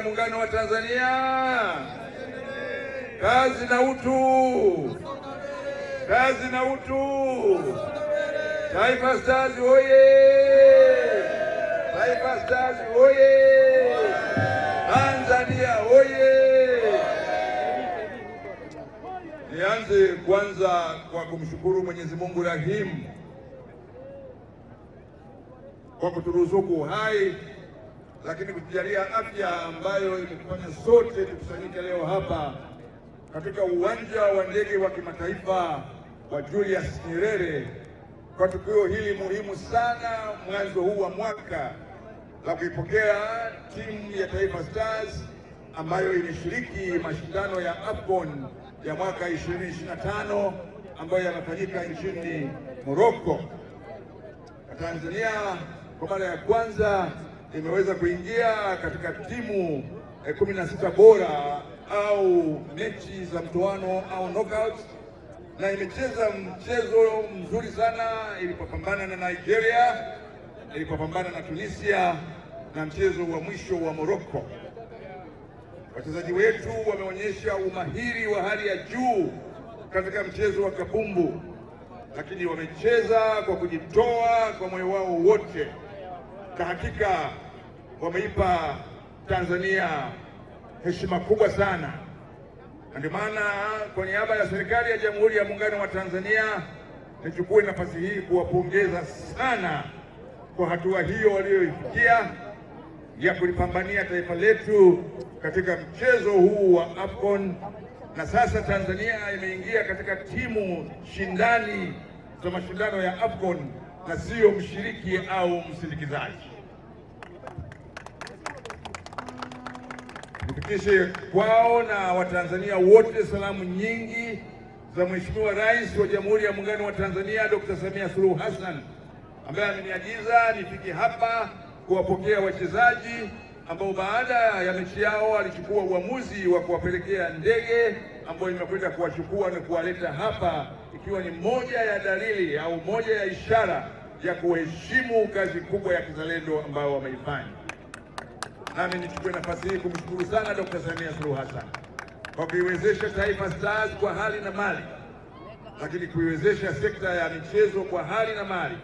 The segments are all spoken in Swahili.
ya Muungano wa Tanzania. Kazi na utu, kazi na utu! Taifa Stars oye! Taifa Stars oye! Tanzania oye! Nianze kwanza kwa kumshukuru Mwenyezi Mungu rahimu kwa kuturuzuku hai lakini kutujalia afya ambayo imetufanya sote tukusanyike leo hapa katika uwanja wa ndege wa kimataifa wa Julius Nyerere kwa tukio hili muhimu sana mwanzo huu wa mwaka la kuipokea timu ya Taifa Stars ambayo imeshiriki mashindano ya AFCON ya mwaka 2025 ambayo yanafanyika nchini Morocco. Tanzania kwa mara ya kwanza imeweza kuingia katika timu eh, kumi na sita bora au mechi za mtoano au knockout, na imecheza mchezo mzuri sana ilipopambana na Nigeria, ilipopambana na Tunisia na mchezo wa mwisho wa Morocco. Wachezaji wetu wameonyesha umahiri wa hali ya juu katika mchezo wa kabumbu, lakini wamecheza kwa kujitoa kwa moyo wao wote na hakika wameipa Tanzania heshima kubwa sana, ndio maana kwa niaba ya serikali ya Jamhuri ya Muungano wa Tanzania nichukue nafasi hii kuwapongeza sana kwa hatua hiyo waliyoifikia ya kulipambania taifa letu katika mchezo huu wa AFCON, na sasa Tanzania imeingia katika timu shindani za mashindano ya AFCON na sio mshiriki au msindikizaji. Nifikishe kwao na Watanzania wote salamu nyingi za Mheshimiwa Rais wa Jamhuri ya Muungano wa Tanzania Dr. Samia Suluhu Hassan ambaye ameniagiza nifike hapa kuwapokea wachezaji ambao baada ya mechi yao alichukua uamuzi wa kuwapelekea ndege ambayo imekwenda kuwachukua na kuwaleta hapa ikiwa ni moja ya dalili au moja ya ishara ya kuheshimu kazi kubwa ya kizalendo ambayo wameifanya. Nami nichukue nafasi hii kumshukuru sana Dkt. Samia Suluhu Hassan kwa kuiwezesha Taifa Stars kwa hali na mali, lakini kuiwezesha sekta ya michezo kwa hali na mali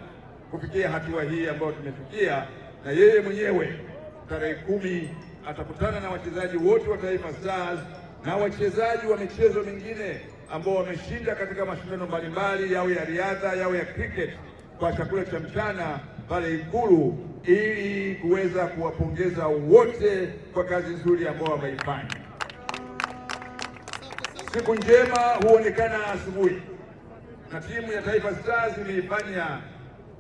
kufikia hatua hii ambayo tumefikia. Na yeye mwenyewe tarehe kumi atakutana na wachezaji wote wa Taifa Stars na wachezaji wa michezo mingine ambao wameshinda katika mashindano mbalimbali yao ya riadha yao ya cricket kwa chakula cha mchana pale Ikulu ili kuweza kuwapongeza wote kwa kazi nzuri ambao wameifanya. Siku njema huonekana asubuhi, na timu ya Taifa Stars imeifanya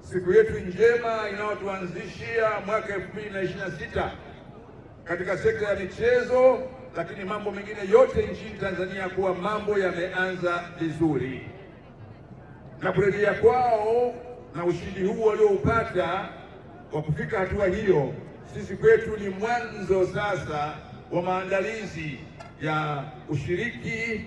siku yetu njema inayotuanzishia mwaka 2026 katika sekta ya michezo lakini mambo mengine yote nchini Tanzania kuwa mambo yameanza vizuri, na kurejea kwao na ushindi huu walioupata kwa kufika hatua hiyo, sisi kwetu ni mwanzo sasa wa maandalizi ya ushiriki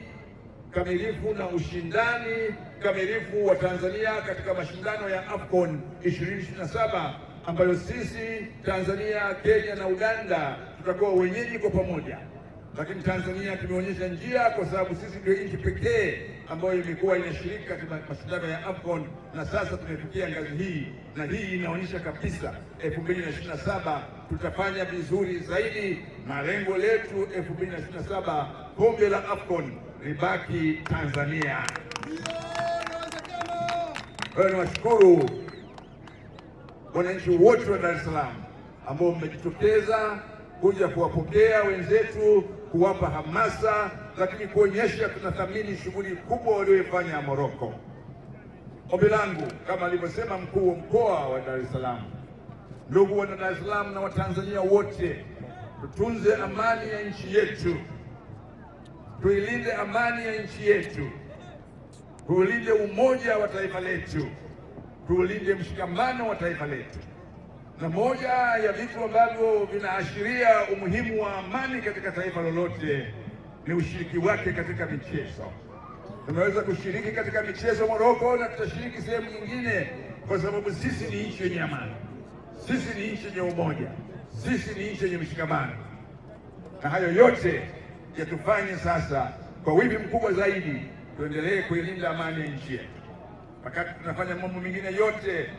kamilifu na ushindani kamilifu wa Tanzania katika mashindano ya AFCON 2027 ambayo sisi Tanzania, Kenya na Uganda tutakuwa wenyeji kwa pamoja lakini Tanzania tumeonyesha njia, kwa sababu sisi ndio nchi pekee ambayo imekuwa inashiriki katika mashindano ya AFCON na sasa tumefikia ngazi hii, na hii inaonyesha kabisa 2027 tutafanya vizuri zaidi. malengo letu 2027 kombe la AFCON libaki Tanzania. Kwayo niwashukuru wananchi wote wa Dar es Salaam ambao mmejitokeza kuja kuwapokea wenzetu kuwapa hamasa, lakini kuonyesha tunathamini shughuli kubwa walioifanya Moroko. Ombi langu kama alivyosema mkuu wa mkoa wa Dar es Salaam, ndugu wana Dar es Salaam na Watanzania wote, tutunze amani ya nchi yetu, tuilinde amani ya nchi yetu, tuulinde umoja wa taifa letu, tuulinde mshikamano wa taifa letu na moja ya vitu ambavyo vinaashiria umuhimu wa amani katika taifa lolote ni ushiriki wake katika michezo. tunaweza kushiriki katika michezo Moroko na tutashiriki sehemu nyingine, kwa sababu sisi ni nchi yenye amani, sisi ni nchi yenye umoja, sisi ni nchi yenye mshikamano, na hayo yote yatufanye sasa kwa wivi mkubwa zaidi tuendelee kuilinda amani ya nchi yetu, wakati tunafanya mambo mengine yote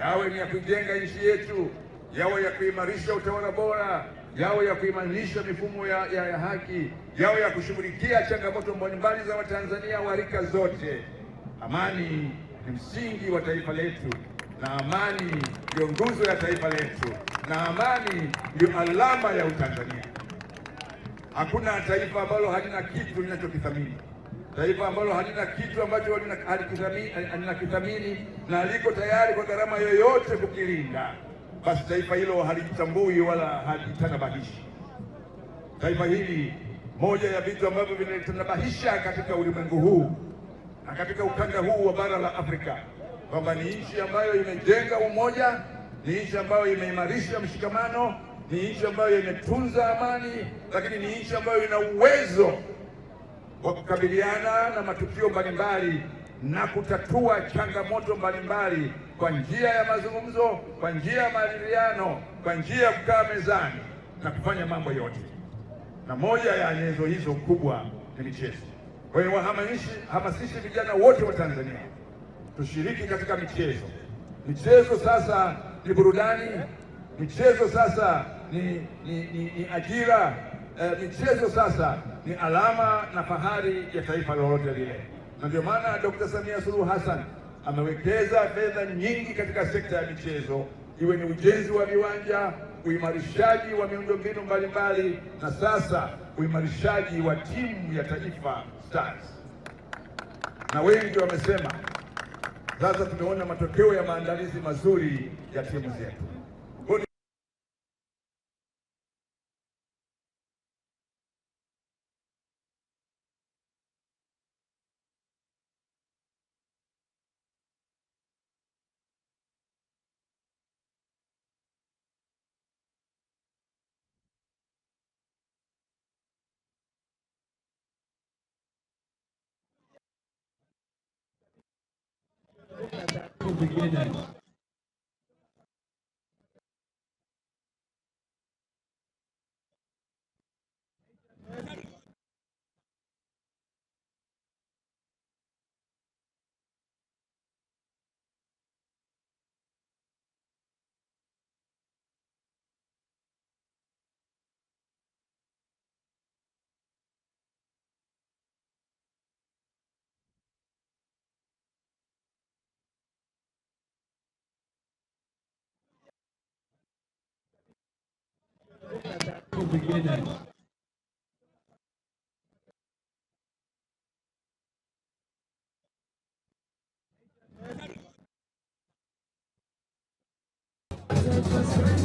yawe ni ya kujenga nchi yetu, yawe ya kuimarisha utawala bora, yawe ya kuimarisha mifumo ya, ya, ya haki, yawe ya kushughulikia changamoto mbalimbali za Watanzania wa rika zote. Amani ni msingi wa taifa letu, na amani ndio nguzo ya taifa letu, na amani ndio alama ya Utanzania. Hakuna taifa ambalo halina kitu linachokithamini taifa ambalo halina kitu ambacho halinakithamini na liko tayari kwa gharama yoyote kukilinda, basi taifa hilo halitambui wala halitanabahishi. Taifa hili, moja ya vitu ambavyo vinalitanabahisha katika ulimwengu huu na katika ukanda huu wa bara la Afrika, kwamba ni nchi ambayo imejenga umoja, ni nchi ambayo imeimarisha mshikamano, ni nchi ambayo imetunza amani, lakini ni nchi ambayo ina uwezo kwa kukabiliana na matukio mbalimbali na kutatua changamoto mbalimbali kwa njia ya mazungumzo, kwa njia ya maridhiano, kwa njia ya kukaa mezani na kufanya mambo yote, na moja ya nyenzo hizo kubwa ni michezo. Kwa hiyo wahamasishi vijana wote wa Tanzania tushiriki katika michezo. Michezo sasa ni burudani, michezo sasa ni, ni, ni, ni ajira. Uh, michezo sasa ni alama na fahari ya taifa lolote lile, na ndio maana Dr. Samia Suluhu Hassan amewekeza fedha nyingi katika sekta ya michezo, iwe ni ujenzi wa viwanja, uimarishaji wa miundombinu mbalimbali, na sasa uimarishaji wa timu ya taifa Stars. Na wengi wamesema sasa tumeona matokeo ya maandalizi mazuri ya timu zetu. এগিয়ে যায় beginning